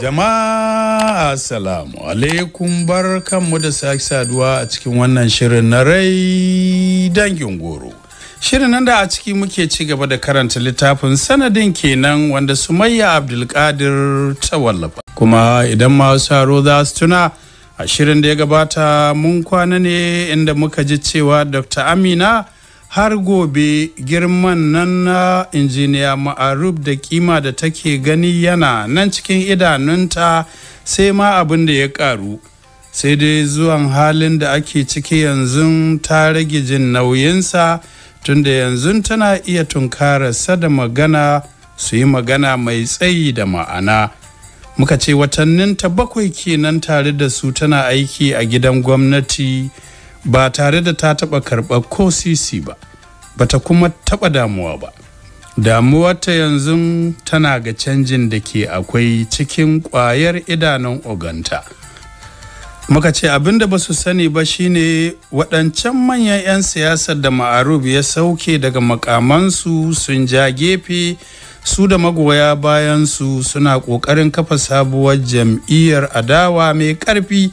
Jama'a Assalamu alaikum bar kanmu da sake saduwa a cikin wannan shirin na rai dangin goro. Shirin nan da a ciki muke ci gaba da karanta littafin sanadin kenan wanda Sumayya Abdulkadir ta wallafa. Kuma idan masu haro za su tuna a shirin da ya gabata mun kwana ne inda muka ji cewa Dr. Amina har gobe girman nan na injiniya ma'arub da kima da take gani yana nan cikin idanunta sai ma abin da ya karu sai dai zuwan halin da ake ciki yanzu ta rage jin nauyinsa tunda yanzu tana iya tunkararsa da magana su yi magana mai tsayi da ma'ana muka ce watannin ta bakwai kenan tare da su tana aiki a gidan gwamnati ba tare da ta taɓa karɓar ko sisi ba bata kuma taɓa damuwa ba damuwa ta yanzu tana ga canjin da ke akwai cikin ƙwayar idanun oganta muka ce abin da ba su sani ba shine waɗancan manyan 'yan siyasar da ma'arub ya sauke daga makamansu sun ja gefe su da magoya bayansu suna ƙoƙarin kafa sabuwar jam'iyyar adawa mai ƙarfi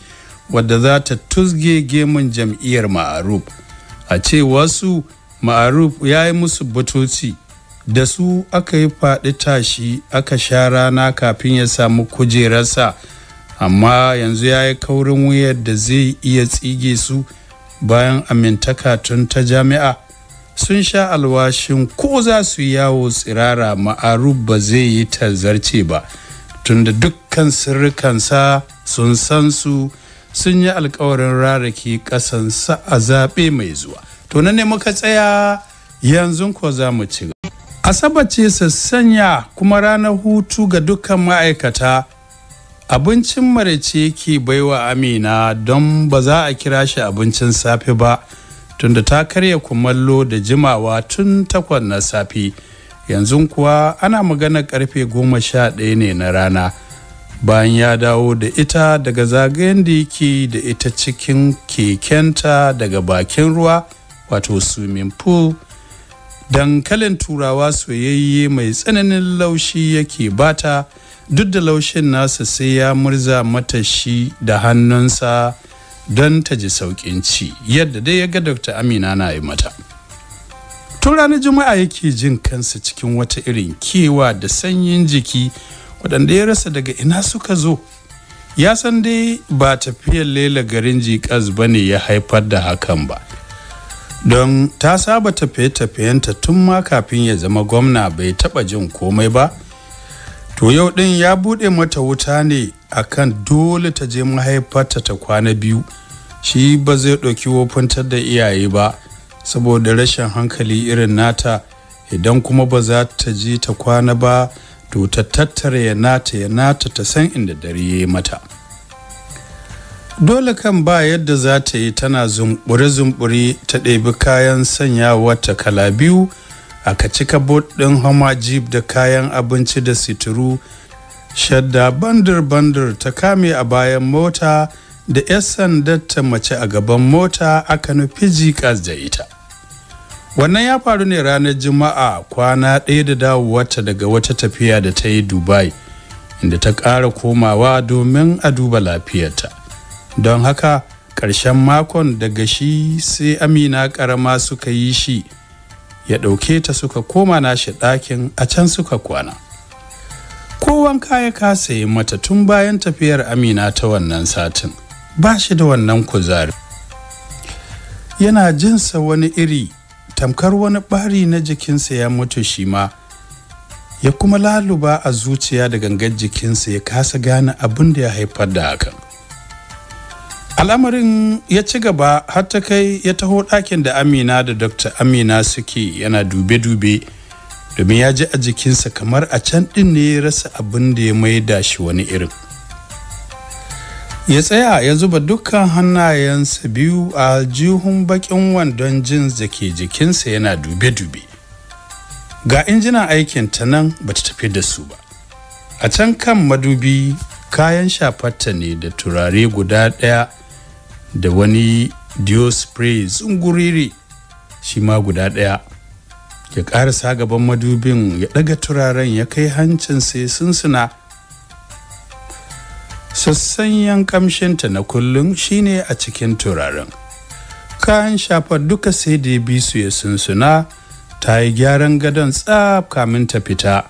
wadda za ta tusge gemun jam'iyyar ma'aruf a ce wasu ma'aruf ya yi musu batoci da su aka yi faɗi tashi aka sha rana kafin ya samu kujerarsa amma yanzu ya yi kaurin wuyar da zai iya tsige su bayan amintaka tun ta jami'a sun sha alwashin ko za su yawo tsirara ma'aruf ba zai yi tazarce ba tunda dukkan sirrikansa sun san su sun yi alkawarin rarraki kasansa a zaɓe mai zuwa to na ne muka tsaya yanzu ko za mu ci asabar ce sassanya kuma ranar hutu ga dukkan ma'aikata abincin marace yake baiwa amina don ba za a kira shi abincin safe ba tunda ta karya kumallo da jimawa tun takwas na safe yanzu kuwa ana magana karfe goma sha ɗaya ne na rana bayan ya dawo da ita daga zagayen da yake da ita cikin kekenta daga bakin ruwa wato swimming pool dankalin turawa soyayye mai tsananin laushi yake bata duk da laushin nasa sai ya murza mata shi da hannunsa don ta ji sauƙin ci yadda dai ya ga dr amina na yi mata tun ranar juma'a yake jin kansa cikin wata irin kewa da sanyin jiki waɗanda ya rasa daga ina suka zo ya san dai ba tafiyar lela garin jikas ba ne ya haifar da hakan ba don ta saba tafiye-tafiyenta tun ma kafin ya zama gwamna bai taɓa jin komai ba to yau ɗin ya buɗe mata wuta ne a kan dole ta je mahaifarta ta kwana biyu shi ba zai ɗauki wofantar da iyaye ba saboda rashin hankali irin nata idan kuma ba za ta je ta kwana ba to ta tattare ya nata ya nata ta san inda dare ya mata dole kan ba yadda za ta yi tana zumbure-zumbure ta ɗebi kayan sanya wata kala biyu aka cika ɗin homa jeep da kayan abinci da situru shadda bandar-bandar ta kame a bayan mota da 'yan sandar ta mace a gaban mota aka nufi jikas da ita wannan ya faru ne ranar juma'a kwana ɗaya da dawowarta daga wata tafiya da ta yi dubai inda ta ƙara komawa domin a duba lafiyarta don haka ƙarshen makon daga shi sai amina ƙarama suka yi shi ya ɗauke ta suka koma nashi ɗakin a can suka kwana kowan kaya kasa yi mata tun bayan tafiyar amina ta wannan satin ba shi da wannan kuzari yana jinsa wani iri tamkar wani ɓari na jikinsa ya mutu shi ma ya kuma laluba a zuciya da gangar jikinsa ya kasa gane abin da ya haifar da hakan al'amarin ya ci gaba har ta kai ya taho ɗakin da amina da dr amina suke yana dube-dube domin ya ji a jikinsa kamar a can ɗin ne ya rasa abin da ya maida shi wani irin ya tsaya ya zuba dukkan hannayensa biyu a jihun bakin wandon jins da ke jikinsa yana dube-dube ga injinan aikin ta nan ba ta tafi da su ba a can kan madubi kayan shafarta ne da turare guda ɗaya da wani diospray zunguriri shi ma guda ɗaya ya ƙarasa gaban madubin ya ɗaga turaren ya kai hancinsa ya sunsuna sassanyan kamshinta na kullum shine a cikin turaren kayan shafa duka sai da bi su ya sunsuna ta yi gyaran gadon tsaf kamin ta fita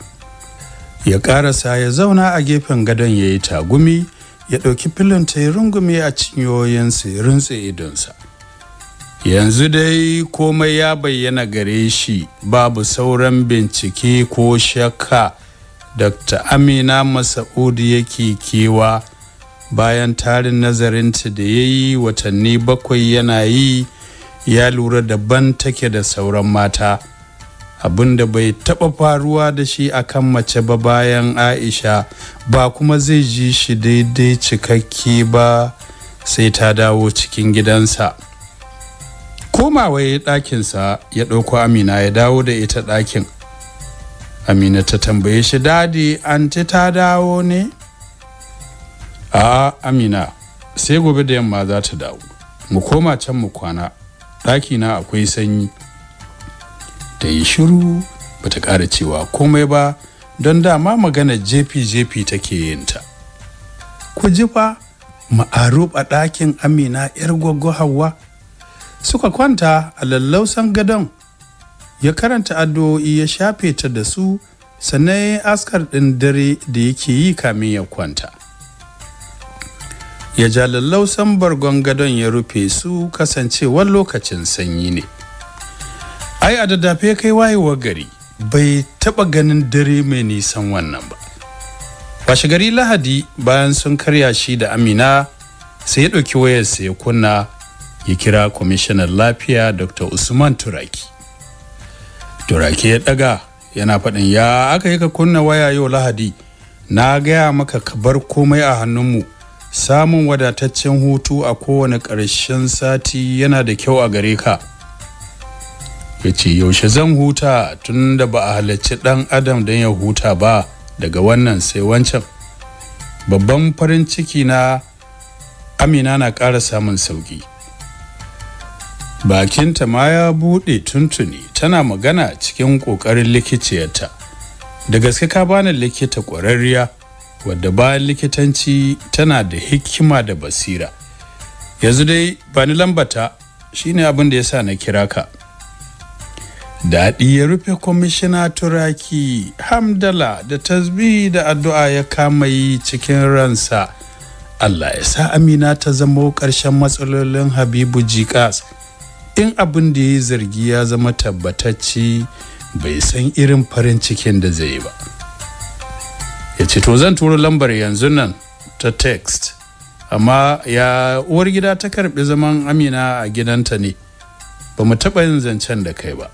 ya karasa ya zauna a gefen gadon ya yi tagumi ya ɗauki filin ta yi rungume a cinyoyin ya rintse idonsa yanzu dai komai ya bayyana gare shi babu sauran bincike ko shakka dr amina masa'udu yake kewa bayan tarin nazarinta da ya yi watanni bakwai yana yi ya lura daban take da sauran mata abinda bai taɓa faruwa da shi a kan mace ba bayan aisha ba kuma zai ji shi daidai cikakke ba sai ta dawo cikin gidansa komawa ya ɗakinsa ya ɗauko amina ya dawo da ita ɗakin amina ta tambaye shi dadi anti ta dawo ne a amina sai gobe da yamma za ta dawo mu koma can mu kwana ɗaki na akwai sanyi ta yi shiru ba ta ƙara cewa komai ba don dama magana jefi-jefi take yinta ku ji fa ma'arub a ɗakin amina 'yar gwaggo hawa suka kwanta a lallausan gadon ya karanta addu'o'i ya shafe ta da su sannan askar ɗin dare da yake yi kamin ya kwanta ya ja lallausan bargon gadon ya rufe su kasancewar lokacin sanyi ne ai a daddafe kai wayewar gari bai taba ganin dare mai nisan wannan ba washe gari lahadi bayan sun karya shi da amina sai ya ɗauki wayarsa ya kunna ya kira kwamishinan lafiya dr usman turaki turaki ya ɗaga yana faɗin ya aka yi ka kunna waya yau lahadi na gaya maka ka bar komai a hannunmu samun wadataccen hutu a kowane ƙarshen sati yana da kyau a gare ka ya ce yaushe zan huta tun da ba a halarci ɗan adam don ya huta ba daga wannan sai wancan babban farin ciki na amina na ƙara samun sauki bakinta ma ya buɗe tuntuni tana magana cikin ƙoƙarin likiciyarta da gaske ka bani likita ƙwararriya wadda bayan likitanci tana da hikima da basira yanzu dai ba ni lambata shine abin da ya sa na kira ka daɗi ya rufe kwamishina turaki hamdala da tasbi da addu'a ya kama yi cikin ransa allah ya sa amina ta zama ƙarshen matsalolin habibu jikas in abin da ya yi zargi ya zama tabbatacci bai san irin farin cikin da zai yi ba ya ce to zan turo lambar yanzu nan ta text amma ya uwar gida ta karbi zaman amina a gidanta ne ba mu taɓa yin zancen da kai ba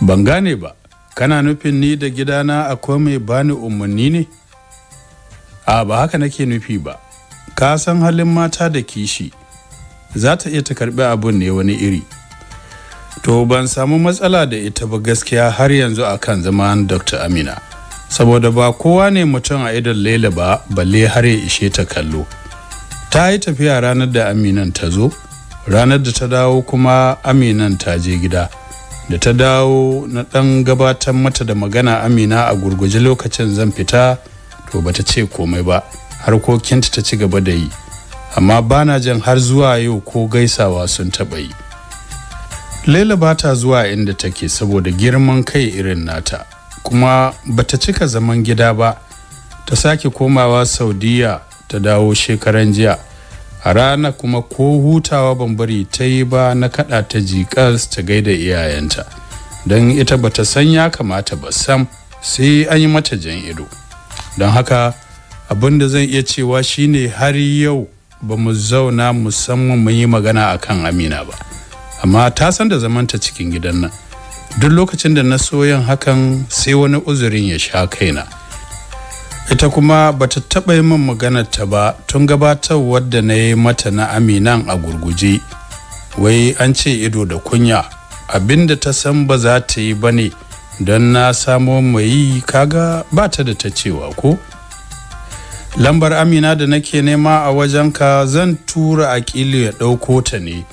ban gane ba kana nufin ni da gidana akwai mai bani umarni ne a ba haka nake nufi ba ka san halin mata da kishi za ta iya ta karbi abun ne wani iri to ban samu matsala da ita ba gaskiya har yanzu akan zaman dr amina saboda ba kowa ne mutum a idan lela ba balle har ya ishe ta kallo ta yi tafiya ranar da aminan ta zo ranar da ta dawo kuma aminan ta je gida da ta dawo na ɗan gabatar mata da magana amina a gurguje lokacin zan fita to bata ce komai ba harkokinta ta ci gaba da yi amma bana jan har zuwa yau ko gaisawa sun taɓa yi Laila ba ta zuwa inda take saboda girman kai irin nata kuma bata cika zaman gida ba ta sake komawa saudiya ta dawo shekaran jiya a rana kuma ko hutawa bambari ta yi ba na kada ta jikas ta gaida iyayenta don ita bata san ya kamata ba sam sai an yi mata jan ido don haka abin da zan iya cewa shine har yau ba mu zauna musamman mun yi magana akan amina ba amma ta san da zamanta cikin gidan nan duk lokacin da na so hakan sai wani uzurin ya sha kaina ita kuma bata taɓa yi min maganar ta ba tun gabatar da na yi mata na aminan a gurguje wai an ce ido da kunya abinda ta san ba za ta yi ba ne don na samo mai kaga ba ta da ta cewa ko lambar amina da nake nema a wajenka zan tura a ya ɗauko ta ne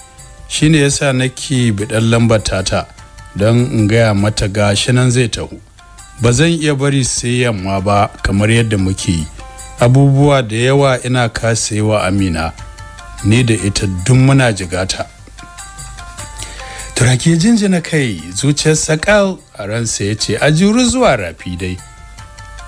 shine yasa nake biɗan lambar tata don in gaya mata gashi nan zai taho ba zan iya bari sai yamma ba kamar yadda muke abubuwa da yawa ina kasewa amina ne da ita duk muna jigata turaki jinjina kai zuciyar sakal a ransa ya ce a zuwa rafi dai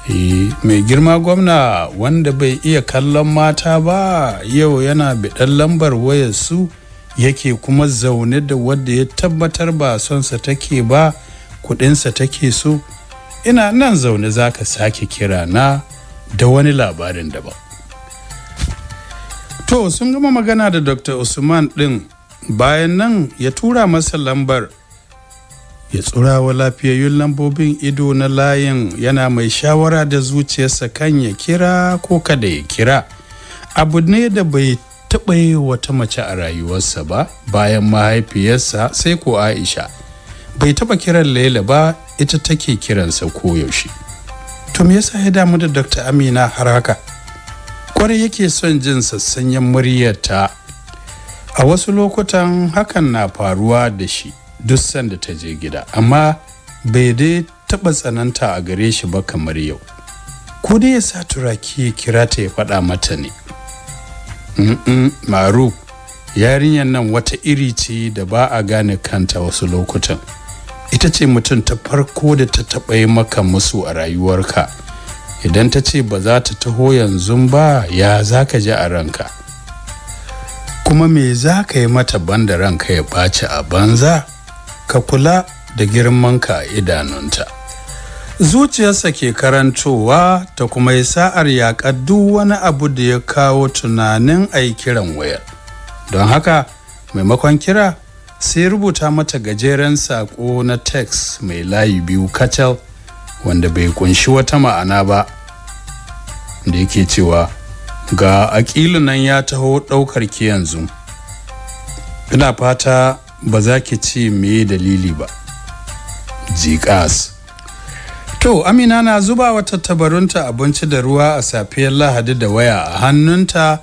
eh, mai girma gwamna wanda bai iya kallon mata ba yau yana biɗan lambar wayar su yake kuma zaune da wadda ya tabbatar ba sonsa take ba kudinsa take so ina nan zaune za ka sake kira na da wani labarin daban to sun gama magana da dr usman din bayan nan ya tura masa lambar ya tsurawa lafiyayyun lambobin ido na layin yana mai shawara da zuciyarsa kan ya kira ko kada ya kira abu ne da bai taɓa yi wata mace a rayuwarsa ba bayan mahaifiyarsa sai ko aisha bai taɓa kiran laila ba ita take kiransa koyaushe to me yasa ya damu da dr amina har haka kwarai yake son jin sassanyen muryarta a wasu lokutan hakan na faruwa da shi duk sanda ta je gida amma bai dai taɓa tsananta a gare shi ba kamar yau ko dai ya sa turaki ya kira ta ya faɗa mata ne maru yarinyar nan wata iri ce da ba a gane kanta wasu lokutan ita ce mutum ta farko da ta taɓa maka musu a rayuwarka idan ta ce ba za ta taho yanzu ba ya za ka ji a ranka kuma me za ka yi mata banda ranka ya ɓaci a banza ka kula da girmanka a idanunta zuciyarsa ke karantowa ta kuma yi sa'ar yaƙa duk wani abu da ya kawo tunanin a yi kiran wayar don haka maimakon kira sai rubuta mata gajeren saƙo na text mai layi biyu kacal wanda bai kunshi wata ma'ana ba da yake cewa ga aƙilu nan ya taho ɗaukar ki yanzu ina fata ba za ki ce me dalili ba jikas To Amina na zuba wata tabarunta abinci da ruwa a safiyar Lahadi da waya a hannunta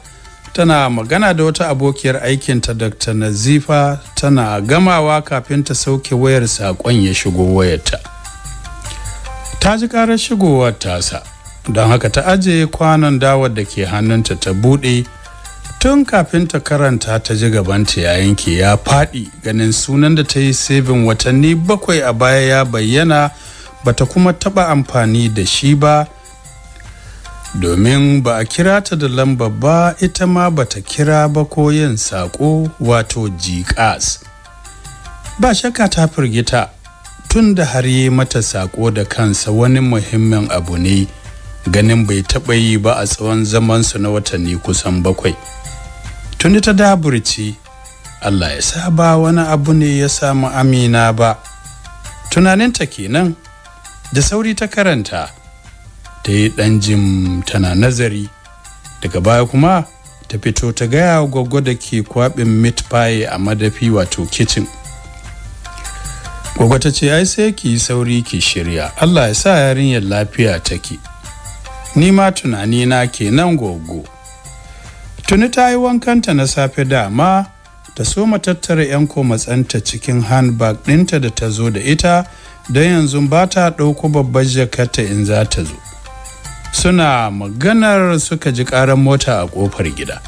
tana magana da wata abokiyar aikinta Dr. Nazifa tana gamawa kafin ta sauke wayar saƙon ya shigo wayarta. Ta ji ƙarar shigowar tasa don haka ta ajiye kwanon dawar da ke hannunta ta buɗe tun kafin ta karanta ta ji gabanta ya yanke ya faɗi ganin sunan da ta yi sebin watanni bakwai a baya ya bayyana bata kuma taba amfani da shi ba domin ba a kira ta da lamba ba ita ma bata kira ba ko yin saƙo wato jikas ba shakka ta firgita tun da har yi mata saƙo da kansa wani muhimmin abu ne ganin bai taɓa yi ba a tsawon zamansu na watanni kusan bakwai tuni ta daburci allah ya sa ba wani abu ne ya samu amina ba tunaninta kenan da sauri ta karanta ta yi ɗan jim tana nazari daga baya kuma ta fito ta gaya gwaggo da ke kwaɓin meat pie a madafi wato kitchen gwaggo ta ce ai sai ki yi sauri ki shirya allah ya sa yarinyar lafiya take ni ma tunani na kenan gwaggo tuni ta yi wankanta na safe dama ta soma tattara 'yan matsanta cikin handbag ɗinta da ta zo da ita don yanzu ba ta ɗauko babbar jakarta in za ta zo suna maganar suka ji ƙarar mota a ƙofar gida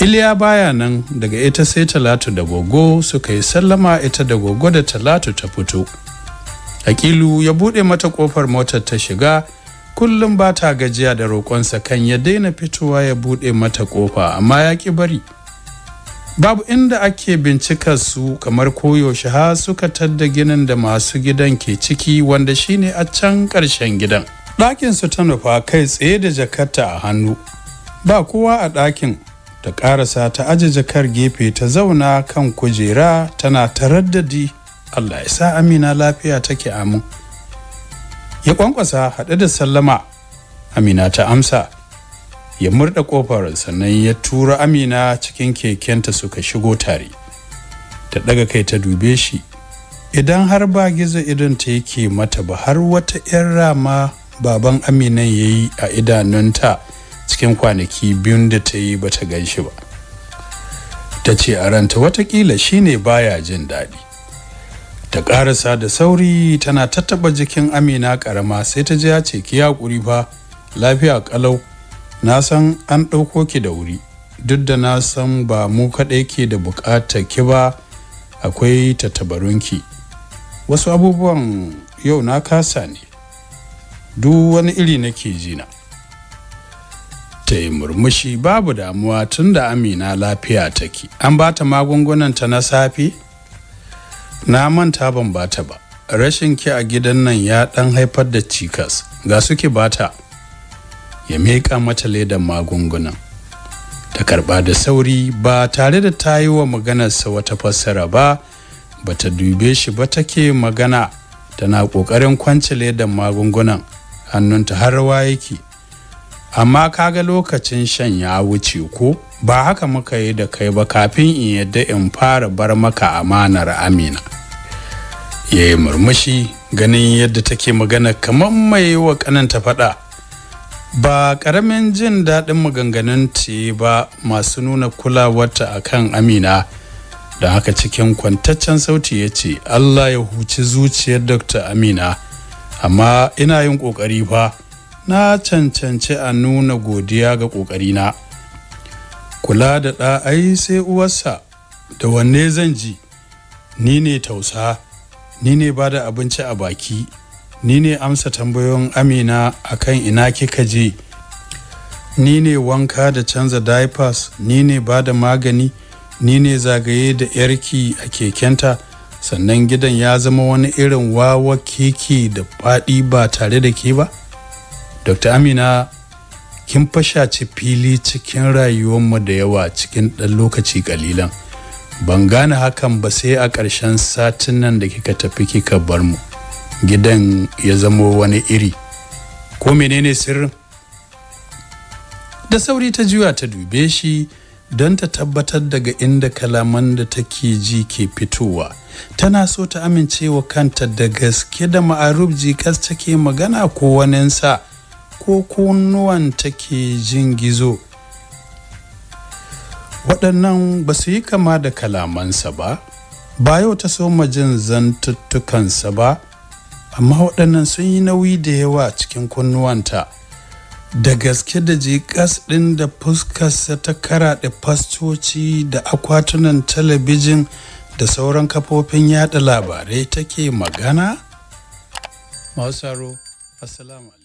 iliya baya nan daga ita sai talatu da gogo suka yi sallama ita da gogo da talatu ta fito hakilu ya buɗe mata ƙofar motar ta shiga kullum ba ta gajiya da roƙonsa kan ya daina fitowa ya buɗe mata ƙofa amma ya ƙi bari babu inda ake bincika su kamar koyaushe ha suka tadda ginin da masu gidan ke ciki wanda shine a can ƙarshen gidan ɗakin su ta nufa kai tsaye da jakarta a hannu ba kowa a ɗakin ta ƙarasa ta aje jakar gefe ta zauna kan kujera tana taraddadi allah ya sa amina lafiya take amin ya ƙwanƙwasa haɗe da sallama amina ta amsa ya murda kofar sannan ya tura amina cikin kekenta suka shigo tare ta daga kai ta dube shi idan har ba gizo idan ta yake mata ba har wata 'yan rama baban aminan ya yi a idanunta cikin kwanaki biyun da ta yi bata gan shi ba ta ce a ranta watakila shine baya jin daɗi ta ƙarasa da sauri tana tattaba jikin amina ƙarama sai ta ji ya ce ki haƙuri fa lafiya ƙalau na san an ɗauko ki da wuri duk da na san ba mu kaɗai ke da buƙatar ki ba akwai tattabarunki wasu abubuwan yau na kasa ne duk wani iri nake jina ta yi murmushi babu damuwa tun da amina lafiya take an ba ta magungunanta na safe na manta ban bata ba rashin ki a gidan nan ya ɗan haifar da cikas ga suke bata ta ya mika mata ledan magungunan ta karɓa da sauri ba tare da ta yi wa maganarsa wata fassara ba ba ta dube shi ba take magana tana ƙoƙarin kwance ledan magungunan hannunta har rawa yake amma kaga lokacin shan ya wuce ko ba haka muka yi da kai ba kafin in yadda in fara bar maka amanar amina ya yi murmushi ganin yadda take magana kamar mai wa kananta faɗa ba karamin jin daɗin maganganun ta ba masu nuna kulawarta a kan amina da haka cikin kwantaccen sauti ya ce allah ya huci zuciyar dr amina amma ina yin ƙoƙari ba," na cancanci a nuna godiya ga na. kula da ɗa ai sai uwarsa da wanne zan ji ni ne tausa ni ne ba da abinci a baki ni ne amsa tambayoyin amina a kan ina kika je ni ne wanka da canza diapers ni ne ba da magani ni ne zagaye da yarki a kekenta sannan gidan ya zama wani irin wawa keke da fadi ba tare da ke ba dr amina kin fasha fashace fili cikin rayuwarmu da yawa cikin ɗan lokaci kalilan ban gane hakan ba sai a ƙarshen satin nan da kika tafi kika bar mu gidan ya zamo wani iri ko menene sirrin da sauri ta juya ta dube shi don ta tabbatar daga inda kalaman da take ji ke fitowa tana so ta amincewa kanta da gaske da ma'arub jikas take magana ko waninsa ko kunnuwan take jin gizo waɗannan ba su yi kama da kalamansa ba ba yau ta so jin zantuttukansa ba amma waɗannan sun yi nauyi da yawa cikin kunnuwanta da gaske da jikas ɗin da fuskarsa ta karaɗe fastoci da akwatunan talabijin da sauran kafofin yada labarai take magana? Assalamu